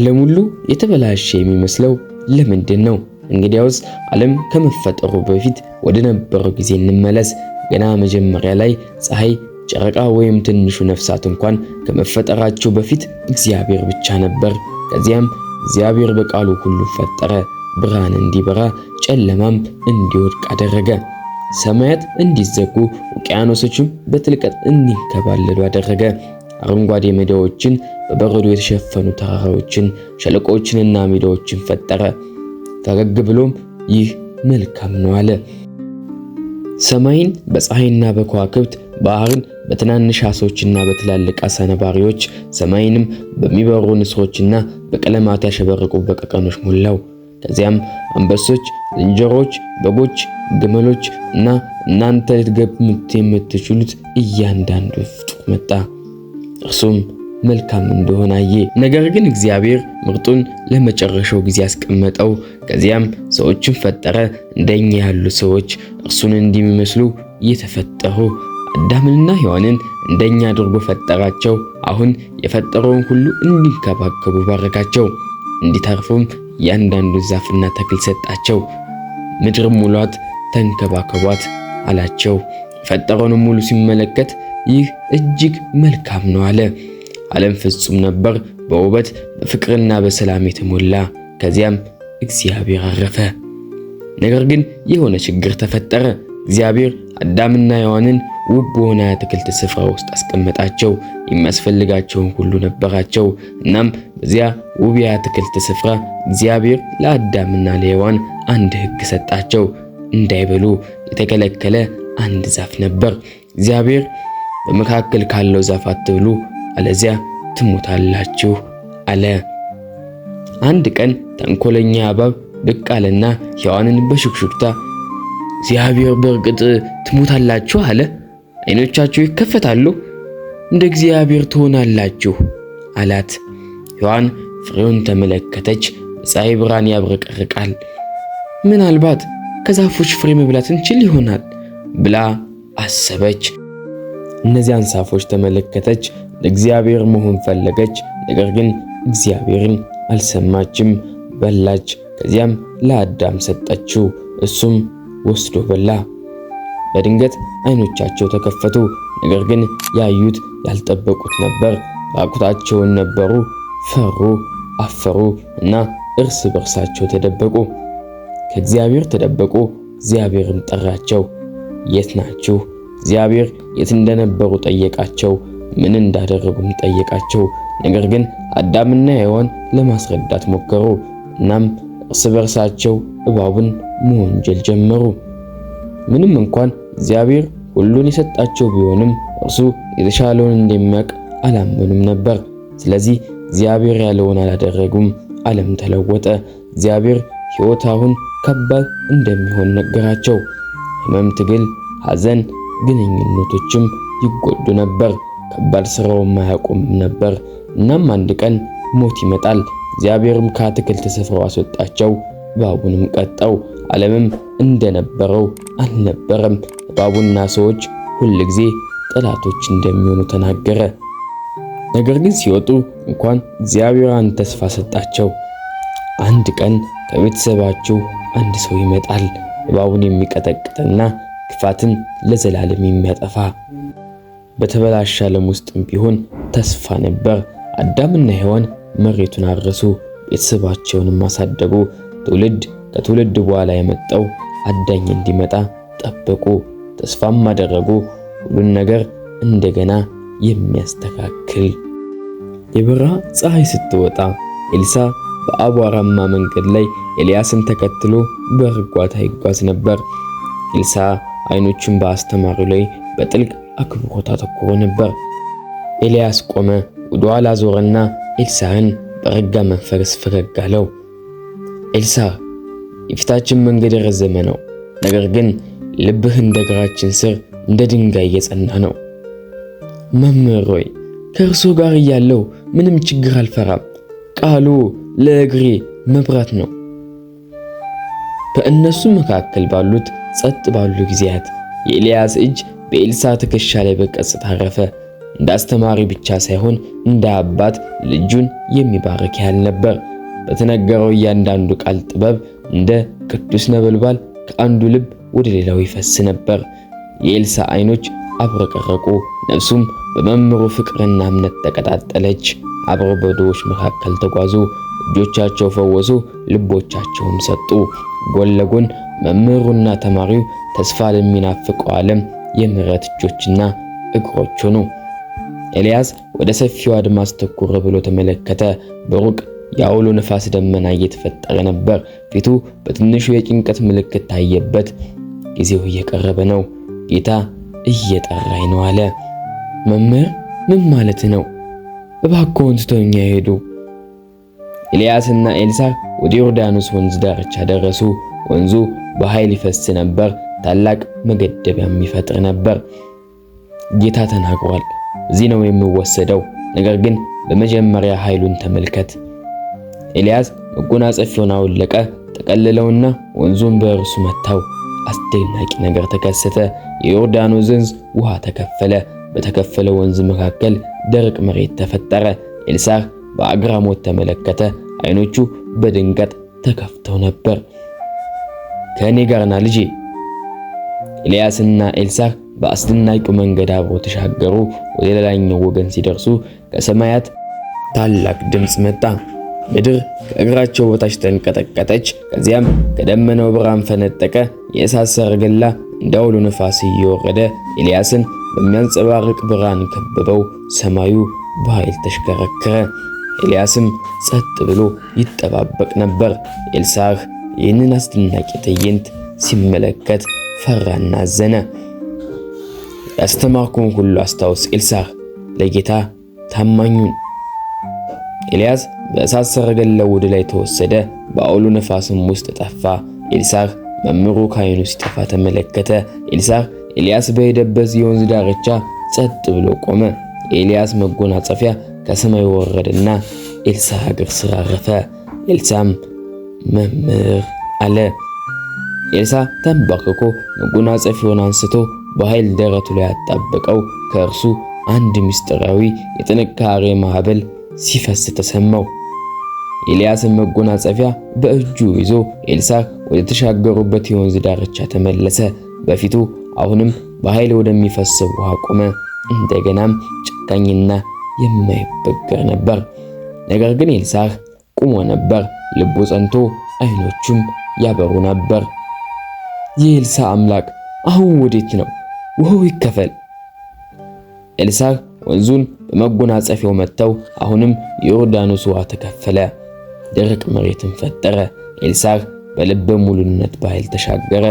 ዓለም ሁሉ የተበላሸ የሚመስለው ለምንድን ነው? እንግዲያውስ ዓለም ከመፈጠሩ በፊት ወደ ነበረው ጊዜ እንመለስ። ገና መጀመሪያ ላይ ፀሐይ፣ ጨረቃ ወይም ትንሹ ነፍሳት እንኳን ከመፈጠራቸው በፊት እግዚአብሔር ብቻ ነበር። ከዚያም እግዚአብሔር በቃሉ ሁሉ ፈጠረ፣ ብርሃን እንዲበራ ጨለማም እንዲወድቅ አደረገ። ሰማያት እንዲዘጉ ውቅያኖሶችም በጥልቀት እንዲከባለሉ አደረገ። አረንጓዴ ሜዳዎችን፣ በበረዶ የተሸፈኑ ተራራዎችን፣ ሸለቆዎችንና ሜዳዎችን ፈጠረ። ፈገግ ብሎም ይህ መልካም ነው አለ። ሰማይን በፀሐይና በከዋክብት ባህርን በትናንሽ አሶችና በትላልቅ አሳ ነባሪዎች፣ ሰማይንም በሚበሩ ንስሮችና በቀለማት ያሸበረቁ በቀቀኖች ሞላው። ከዚያም አንበሶች፣ ዝንጀሮዎች፣ በጎች፣ ግመሎች እና እናንተ ልትገምቱት የምትችሉት እያንዳንዱ ፍጡር መጣ። እርሱም መልካም እንደሆነ አየ። ነገር ግን እግዚአብሔር ምርጡን ለመጨረሻው ጊዜ ያስቀመጠው። ከዚያም ሰዎችን ፈጠረ። እንደኛ ያሉ ሰዎች እርሱን እንዲመስሉ የተፈጠሩ አዳምንና ሔዋንን እንደኛ አድርጎ ፈጠራቸው። አሁን የፈጠረውን ሁሉ እንዲንከባከቡ ባረካቸው፣ እንዲታርፉም እያንዳንዱን ዛፍና ተክል ሰጣቸው። ምድር ሙሏት፣ ተንከባከቧት አላቸው። የፈጠረውንም ሙሉ ሲመለከት ይህ እጅግ መልካም ነው አለ። ዓለም ፍጹም ነበር በውበት በፍቅርና በሰላም የተሞላ። ከዚያም እግዚአብሔር አረፈ። ነገር ግን የሆነ ችግር ተፈጠረ። እግዚአብሔር አዳምና ሔዋንን ውብ በሆነ አትክልት ስፍራ ውስጥ አስቀመጣቸው። የሚያስፈልጋቸውን ሁሉ ነበራቸው። እናም በዚያ ውብ የአትክልት ስፍራ እግዚአብሔር ለአዳምና ለሔዋን አንድ ሕግ ሰጣቸው። እንዳይበሉ የተከለከለ አንድ ዛፍ ነበር። እግዚአብሔር በመካከል ካለው ዛፍ አትብሉ፣ አለዚያ ትሞታላችሁ አለ። አንድ ቀን ተንኮለኛ እባብ ብቅ አለና ሔዋንን በሹክሹክታ እግዚአብሔር በእርግጥ ትሞታላችሁ አለ። አይኖቻችሁ ይከፈታሉ፣ እንደ እግዚአብሔር ትሆናላችሁ አላት። ሔዋን ፍሬውን ተመለከተች። ፀሐይ ብርሃን ያብረቀርቃል። ምናልባት ከዛፎች ፍሬ መብላት እንችል ይሆናል ብላ አሰበች። እነዚያን ሳፎች ተመለከተች፣ ለእግዚአብሔር መሆን ፈለገች። ነገር ግን እግዚአብሔርን አልሰማችም። በላች፣ ከዚያም ለአዳም ሰጠችው፣ እሱም ወስዶ በላ። በድንገት አይኖቻቸው ተከፈቱ። ነገር ግን ያዩት ያልጠበቁት ነበር። ራቁታቸውን ነበሩ፣ ፈሩ፣ አፈሩ እና እርስ በርሳቸው ተደበቁ። ከእግዚአብሔር ተደበቁ። እግዚአብሔርም ጠራቸው፣ የት ናችሁ? እግዚአብሔር የት እንደነበሩ ጠየቃቸው፣ ምን እንዳደረጉም ጠየቃቸው። ነገር ግን አዳምና ሔዋን ለማስረዳት ሞከሩ። እናም እርስ በርሳቸው እባቡን መወንጀል ጀመሩ። ምንም እንኳን እግዚአብሔር ሁሉን የሰጣቸው ቢሆንም እርሱ የተሻለውን እንደሚያውቅ አላመኑም ነበር። ስለዚህ እግዚአብሔር ያለውን አላደረጉም። ዓለም ተለወጠ። እግዚአብሔር ሕይወት አሁን ከባድ እንደሚሆን ነገራቸው። ሕመም፣ ትግል፣ ሐዘን ግንኙነቶችም ይጎዱ ነበር። ከባድ ስራውም ማያቆም ነበር። እናም አንድ ቀን ሞት ይመጣል። እግዚአብሔርም ከአትክልት ስፍራው አስወጣቸው፣ እባቡንም ቀጣው። ዓለምም እንደነበረው አልነበረም። እባቡና ሰዎች ሁል ጊዜ ጠላቶች እንደሚሆኑ ተናገረ። ነገር ግን ሲወጡ እንኳን እግዚአብሔር አንድ ተስፋ ሰጣቸው። አንድ ቀን ከቤተሰባችሁ አንድ ሰው ይመጣል እባቡን የሚቀጠቅጥና ክፋትን ለዘላለም የሚያጠፋ በተበላሸ ዓለም ውስጥም ቢሆን ተስፋ ነበር። አዳምና ሔዋን መሬቱን አረሱ፣ ቤተሰባቸውንም አሳደጉ። ትውልድ ከትውልድ በኋላ የመጣው አዳኝ እንዲመጣ ጠበቁ፣ ተስፋም አደረጉ። ሁሉን ነገር እንደገና የሚያስተካክል የበራ ፀሐይ ስትወጣ ኤልሳ በአቧራማ መንገድ ላይ ኤልያስን ተከትሎ በእርጓታ ይጓዝ ነበር። ኤልሳ አይኖቹን በአስተማሪው ላይ በጥልቅ አክብሮት አተኩሮ ነበር። ኤልያስ ቆመ፣ ወደ ኋላ ዞረና ኤልሳዕን በረጋ መንፈስ ፈገግ አለው። ኤልሳዕ፣ የፊታችን መንገድ የረዘመ ነው፣ ነገር ግን ልብህ እንደ እግራችን ስር እንደ ድንጋይ እየጸና ነው። መምህር ሆይ ከእርሶ ጋር እያለሁ ምንም ችግር አልፈራም። ቃሉ ለእግሬ መብራት ነው። በእነሱ መካከል ባሉት ጸጥ ባሉ ጊዜያት የኤልያስ እጅ በኤልሳ ትከሻ ላይ በቀስታ አረፈ። እንደ አስተማሪ ብቻ ሳይሆን እንደ አባት ልጁን የሚባርክ ያህል ነበር። በተነገረው እያንዳንዱ ቃል ጥበብ እንደ ቅዱስ ነበልባል ከአንዱ ልብ ወደ ሌላው ይፈስ ነበር። የኤልሳ አይኖች አብረቀረቁ፣ ነፍሱም በመምህሩ ፍቅርና እምነት ተቀጣጠለች። አብረው በዶዎች መካከል ተጓዙ። እጆቻቸው ፈወሱ፣ ልቦቻቸውም ሰጡ። ጎን ለጎን መምህሩና ተማሪው ተስፋ ለሚናፍቀው ዓለም የምረት እጆችና እግሮች ሆኑ። ኤልያስ ወደ ሰፊው አድማስ ትኩር ብሎ ተመለከተ። በሩቅ የአውሎ ነፋስ ደመና እየተፈጠረ ነበር። ፊቱ በትንሹ የጭንቀት ምልክት ታየበት። ጊዜው እየቀረበ ነው፣ ጌታ እየጠራኝ ነው አለ። መምህር ምን ማለት ነው? እባክዎን ትተውኝ ሄዱ። ኤልያስና ኤልሳ ወደ ዮርዳኖስ ወንዝ ዳርቻ ደረሱ። ወንዙ በኃይል ይፈስ ነበር፣ ታላቅ መገደቢያም ይፈጥር ነበር። ጌታ ተናግሯል። እዚህ ነው የሚወሰደው ነገር ግን በመጀመሪያ ኃይሉን ተመልከት። ኤልያስ መጎናጸፊያውን አወለቀ፣ ጠቀልለውና ወንዙን በእርሱ መታው። አስደናቂ ነገር ተከሰተ። የዮርዳኖስ ወንዝ ውሃ ተከፈለ። በተከፈለ ወንዝ መካከል ደረቅ መሬት ተፈጠረ። ኤልሳዕ በአግራሞት ተመለከተ። አይኖቹ በድንገት ተከፍተው ነበር። ከእኔ ጋርና ልጄ። ኤልያስና ኤልሳዕ በአስደናቂው መንገድ አብረው ተሻገሩ። ወደ ሌላኛው ወገን ሲደርሱ ከሰማያት ታላቅ ድምፅ መጣ። ምድር ከእግራቸው በታች ተንቀጠቀጠች። ከዚያም ከደመናው ብርሃን ፈነጠቀ። የእሳት ሰረገላ እንደ አውሎ ነፋስ እየወረደ ኤልያስን በሚያንጸባርቅ ብርሃን ከበበው። ሰማዩ በኃይል ተሽከረከረ። ኤልያስም ጸጥ ብሎ ይጠባበቅ ነበር። ኤልሳዕ ይህንን አስደናቂ ትዕይንት ሲመለከት ፈራና አዘነ። ያስተማርኩን ሁሉ አስታውስ ኢልሳዕ፣ ለጌታ ታማኙን። ኤልያስ በእሳት ሰረገላ ወደ ላይ ተወሰደ፣ በአውሎ ነፋስም ውስጥ ጠፋ። ኤልሳ መምህሩ ካይኑ ሲጠፋ ተመለከተ። ኤልሳ ኤልያስ በሄደበት የወንዝ ዳርቻ ጸጥ ብሎ ቆመ። የኤልያስ መጎናጸፊያ ከሰማይ ወረደና ኤልሳ እግር ስር አረፈ። ኤልሳዕም መምህር አለ። ኤልሳ ተንበርክኮ መጎናጸፊያውን አንስቶ በኃይል ደረቱ ላይ ያጣበቀው ከእርሱ አንድ ምስጢራዊ የጥንካሬ ማዕበል ሲፈስ ተሰማው። ኤልያስን መጎናጸፊያ በእጁ ይዞ ኤልሳ ወደ ተሻገሩበት የወንዝ ዳርቻ ተመለሰ። በፊቱ አሁንም በኃይል ወደሚፈስብ ውሃ ቆመ። እንደገናም ጨካኝና የማይበገር ነበር። ነገር ግን ኤልሳዕ ቁሞ ነበር። ልቡ ጸንቶ አይኖቹም ያበሩ ነበር። የኤልሳ አምላክ አሁን ወዴት ነው? ውሃው ይከፈል። ኤልሳዕ ወንዙን በመጎናጸፊያው መጥተው አሁንም የዮርዳኖስ ውሃ ተከፈለ፣ ደረቅ መሬትን ፈጠረ። ኤልሳዕ በልበ ሙሉነት በኃይል ተሻገረ።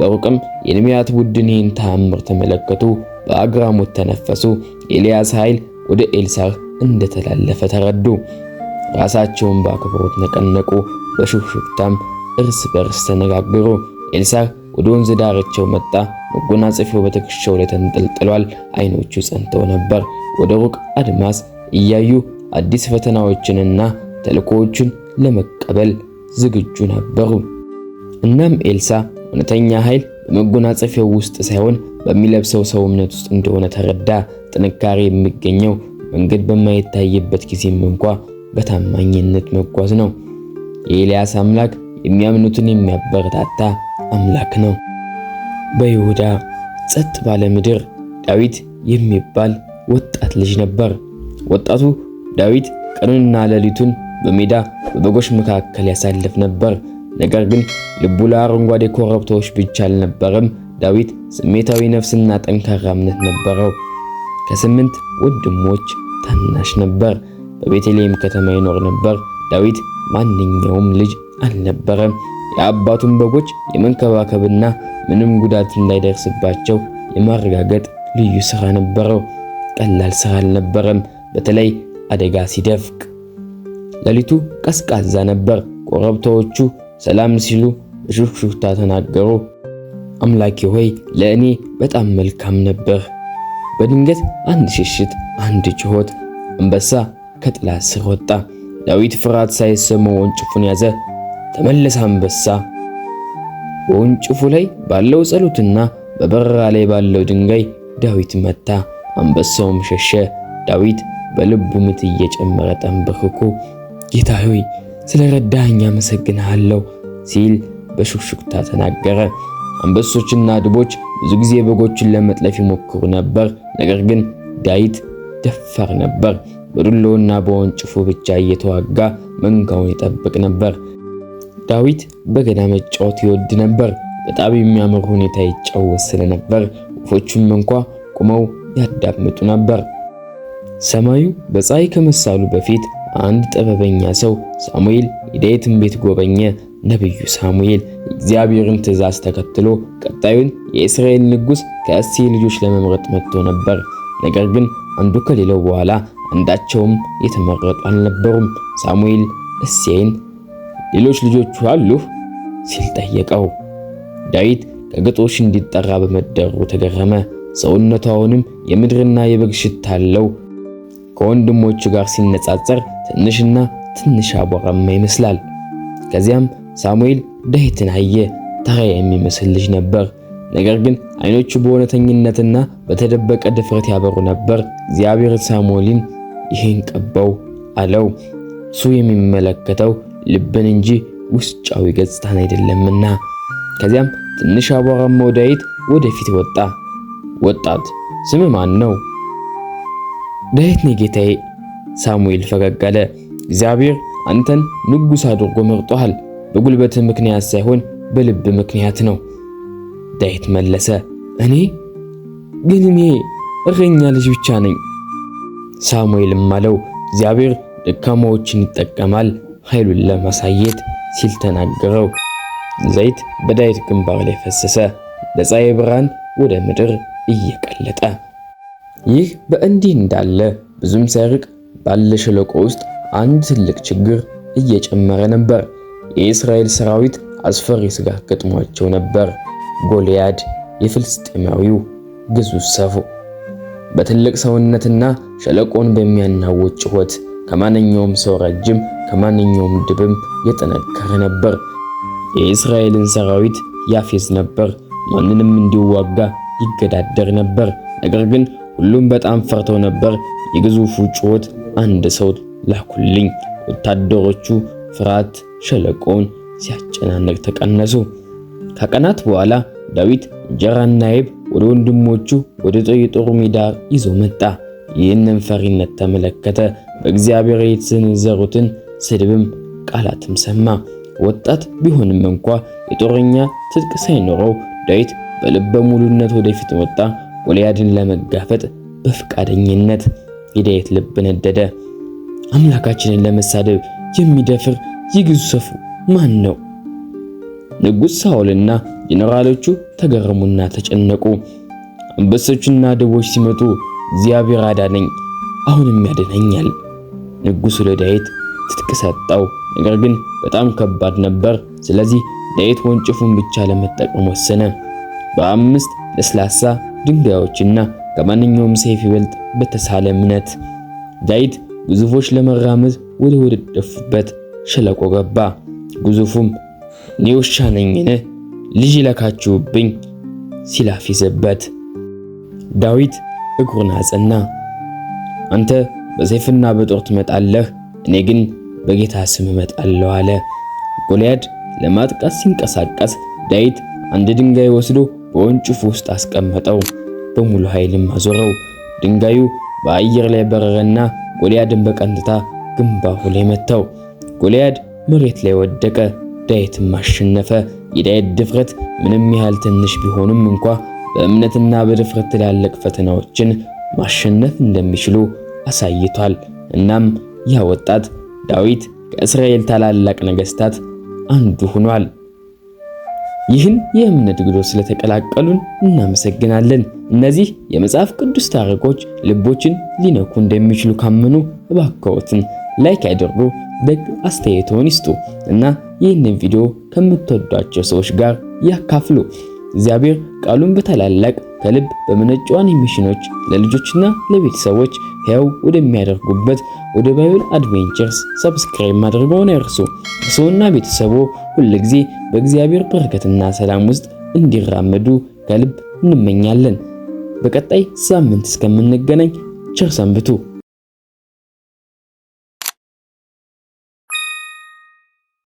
በሩቅም የነቢያት ቡድን ይህን ተአምር ተመለከቱ፣ በአግራሞት ተነፈሱ። የኤልያስ ኃይል ወደ ኤልሳ እንደተላለፈ ተረዱ። ራሳቸውን በአክብሮት ነቀነቁ። በሹክሹክታም እርስ በርስ ተነጋገሩ። ኤልሳዕ ወደ ወንዝ ዳርቻው መጣ። መጎናጸፊያው በትከሻው ላይ ተንጠልጥሏል። አይኖቹ ጸንተው ነበር። ወደ ሩቅ አድማስ እያዩ አዲስ ፈተናዎችንና ተልእኮዎችን ለመቀበል ዝግጁ ነበሩ። እናም ኤልሳዕ እውነተኛ ኃይል በመጎናጸፊያው ውስጥ ሳይሆን በሚለብሰው ሰውነት ውስጥ እንደሆነ ተረዳ። ጥንካሬ የሚገኘው መንገድ በማይታይበት ጊዜም እንኳ በታማኝነት መጓዝ ነው። የኤልያስ አምላክ የሚያምኑትን የሚያበረታታ አምላክ ነው። በይሁዳ ጸጥ ባለ ምድር ዳዊት የሚባል ወጣት ልጅ ነበር። ወጣቱ ዳዊት ቀኑንና ሌሊቱን በሜዳ በበጎች መካከል ያሳልፍ ነበር። ነገር ግን ልቡ ለአረንጓዴ ኮረብታዎች ብቻ አልነበረም። ዳዊት ስሜታዊ ነፍስና ጠንካራ እምነት ነበረው። ከስምንት ወንድሞች ታናሽ ነበር። በቤተልሔም ከተማ ይኖር ነበር። ዳዊት ማንኛውም ልጅ አልነበረም። የአባቱን በጎች የመንከባከብና ምንም ጉዳት እንዳይደርስባቸው የማረጋገጥ ልዩ ስራ ነበረው። ቀላል ስራ አልነበረም፣ በተለይ አደጋ ሲደፍቅ። ሌሊቱ ቀዝቃዛ ነበር። ኮረብታዎቹ ሰላም ሲሉ በሹክሹክታ ተናገሩ። አምላኬ ሆይ ለእኔ በጣም መልካም ነበር። በድንገት አንድ ሽሽት፣ አንድ ጭሆት! አንበሳ ከጥላ ስር ወጣ። ዳዊት ፍርሃት ሳይሰማው ወንጭፉን ያዘ። ተመለሰ አንበሳ በወንጭፉ ላይ ባለው ጸሎትና በበረራ ላይ ባለው ድንጋይ ዳዊት መታ። አንበሳውም ሸሸ። ዳዊት በልቡ ምት እየጨመረ ተንበርክኮ ጌታ ሆይ ስለ ረዳኸኝ አመሰግንሃለሁ ሲል በሹክሹክታ ተናገረ። አንበሶችና ድቦች ብዙ ጊዜ በጎችን ለመጥለፍ ይሞክሩ ነበር፣ ነገር ግን ዳዊት ደፋር ነበር። በዱሎና በወንጭፉ ብቻ እየተዋጋ መንጋውን ይጠብቅ ነበር። ዳዊት በገና መጫወት ይወድ ነበር። በጣም የሚያምር ሁኔታ ይጫወት ስለነበር ወፎቹም እንኳ ቆመው ያዳምጡ ነበር። ሰማዩ በፀሐይ ከመሳሉ በፊት አንድ ጥበበኛ ሰው ሳሙኤል የዳዊትን ቤት ጎበኘ። ነቢዩ ሳሙኤል እግዚአብሔርን ትእዛዝ ተከትሎ ቀጣዩን የእስራኤል ንጉሥ ከእሴይ ልጆች ለመምረጥ መጥቶ ነበር። ነገር ግን አንዱ ከሌለው በኋላ አንዳቸውም የተመረጡ አልነበሩም። ሳሙኤል እሴይን ሌሎች ልጆቹ አሉህ ሲል ጠየቀው። ዳዊት ከግጦሽ እንዲጠራ በመደሩ ተገረመ። ሰውነቱ አሁንም የምድርና የበግ ሽታ አለው። ከወንድሞቹ ጋር ሲነጻጸር ትንሽና ትንሽ አቧራማ ይመስላል። ከዚያም ሳሙኤል ዳዊትን አየ። ተራ የሚመስል ልጅ ነበር። ነገር ግን አይኖቹ በእውነተኝነትና በተደበቀ ድፍረት ያበሩ ነበር። እግዚአብሔር ሳሙኤልን ይሄን ቀባው አለው። እሱ የሚመለከተው ልብን እንጂ ውስጫዊ ገጽታን አይደለምና። ከዚያም ትንሽ አቧራማ ዳዊት ወደፊት ወጣ። ወጣት ስም ማን ነው? ዳዊት ነው ጌታዬ። ሳሙኤል ፈገግ አለ። እግዚአብሔር አንተን ንጉሥ አድርጎ መርጦሃል። በጉልበት ምክንያት ሳይሆን በልብ ምክንያት ነው። ዳዊት መለሰ፣ እኔ ግን እኔ እረኛ ልጅ ብቻ ነኝ። ሳሙኤልም አለው እግዚአብሔር ደካማዎችን ይጠቀማል ኃይሉን ለማሳየት ሲል ተናገረው። ዘይት በዳዊት ግንባር ላይ ፈሰሰ፣ ለፀሐይ ብርሃን ወደ ምድር እየቀለጠ። ይህ በእንዲህ እንዳለ ብዙም ሳይርቅ ባለ ሸለቆ ውስጥ አንድ ትልቅ ችግር እየጨመረ ነበር። የእስራኤል ሰራዊት አስፈሪ ስጋት ገጥሟቸው ነበር። ጎልያድ የፍልስጤማዊው ግዙፍ ሰፉ በትልቅ ሰውነትና ሸለቆን በሚያናውጥ ጩኸት ከማንኛውም ሰው ረጅም፣ ከማንኛውም ድብም የጠነከረ ነበር። የእስራኤልን ሰራዊት ያፌዝ ነበር። ማንንም እንዲዋጋ ይገዳደር ነበር። ነገር ግን ሁሉም በጣም ፈርተው ነበር። የግዙፉ ጩኸት አንድ ሰው ላኩልኝ። ወታደሮቹ ፍርሃት ሸለቆውን ሲያጨናንቅ ተቀነሱ። ከቀናት በኋላ ዳዊት እንጀራና አይብ ወደ ወንድሞቹ ወደ ጦር ሜዳ ይዞ መጣ። ይህንን ፈሪነት ተመለከተ። በእግዚአብሔር የተሰነዘሩትን ስድብም ቃላትም ሰማ። ወጣት ቢሆንም እንኳ የጦረኛ ትጥቅ ሳይኖረው ዳዊት በልበ ሙሉነት ወደፊት ወጣ። ጎልያድን ለመጋፈጥ በፍቃደኝነት የዳዊት ልብ ነደደ። አምላካችንን ለመሳደብ የሚደፍር ይግዙ ሰፉ ማን ነው? ንጉሥ ሳኦልና ጄኔራሎቹ ተገረሙና ተጨነቁ። አንበሶችና ድቦች ሲመጡ እግዚአብሔር አዳነኝ፣ አሁንም ያድነኛል። ንጉሡ ለዳዊት ትጥቅ ሰጠው። ነገር ግን በጣም ከባድ ነበር። ስለዚህ ዳዊት ወንጭፉን ብቻ ለመጠቀም ወሰነ። በአምስት ለስላሳ ድንጋዮችና ከማንኛውም ሰይፍ ይበልጥ በተሳለ እምነት ዳዊት ግዙፎች ለመራመድ ወደ ወደደፉበት ሸለቆ ገባ። ግዙፉም እኔ ውሻ ነኝን ልጅ ይለካችሁብኝ ሲላፊዝበት ዳዊት እግሩን አጸና። አንተ በሰይፍና በጦር ትመጣለህ፣ እኔ ግን በጌታ ስም እመጣለሁ አለ። ጎልያድ ለማጥቃት ሲንቀሳቀስ ዳዊት አንድ ድንጋይ ወስዶ በወንጭፉ ውስጥ አስቀመጠው፣ በሙሉ ኃይልም አዞረው። ድንጋዩ በአየር ላይ በረረና ጎልያድን በቀንጥታ ግንባሩ ላይ መታው። ጎልያድ መሬት ላይ ወደቀ፣ ዳዊትም አሸነፈ። የዳዊት ድፍረት ምንም ያህል ትንሽ ቢሆንም እንኳ በእምነትና በድፍረት ትላልቅ ፈተናዎችን ማሸነፍ እንደሚችሉ አሳይቷል። እናም ያ ወጣት ዳዊት ከእስራኤል ታላላቅ ነገሥታት አንዱ ሆኗል። ይህን የእምነት ጉዞ ስለተቀላቀሉን እናመሰግናለን። እነዚህ የመጽሐፍ ቅዱስ ታሪኮች ልቦችን ሊነኩ እንደሚችሉ ካመኑ እባክዎትን ላይክ ያድርጉ፣ ደግ አስተያየቶን ይስጡ እና ይህንን ቪዲዮ ከምትወዷቸው ሰዎች ጋር ያካፍሉ። እግዚአብሔር ቃሉን በታላላቅ ከልብ በመነጩ ሚሽኖች ለልጆችና ለቤተሰቦች ሕያው ወደሚያደርጉበት ወደ ባይብል አድቬንቸርስ ሰብስክራይብ ማድረግዎን አይርሱ። እርስዎና ቤተሰቦ ሁልጊዜ በእግዚአብሔር በረከትና ሰላም ውስጥ እንዲራመዱ ከልብ እንመኛለን። በቀጣይ ሳምንት እስከምንገናኝ ቸር ሰንብቱ።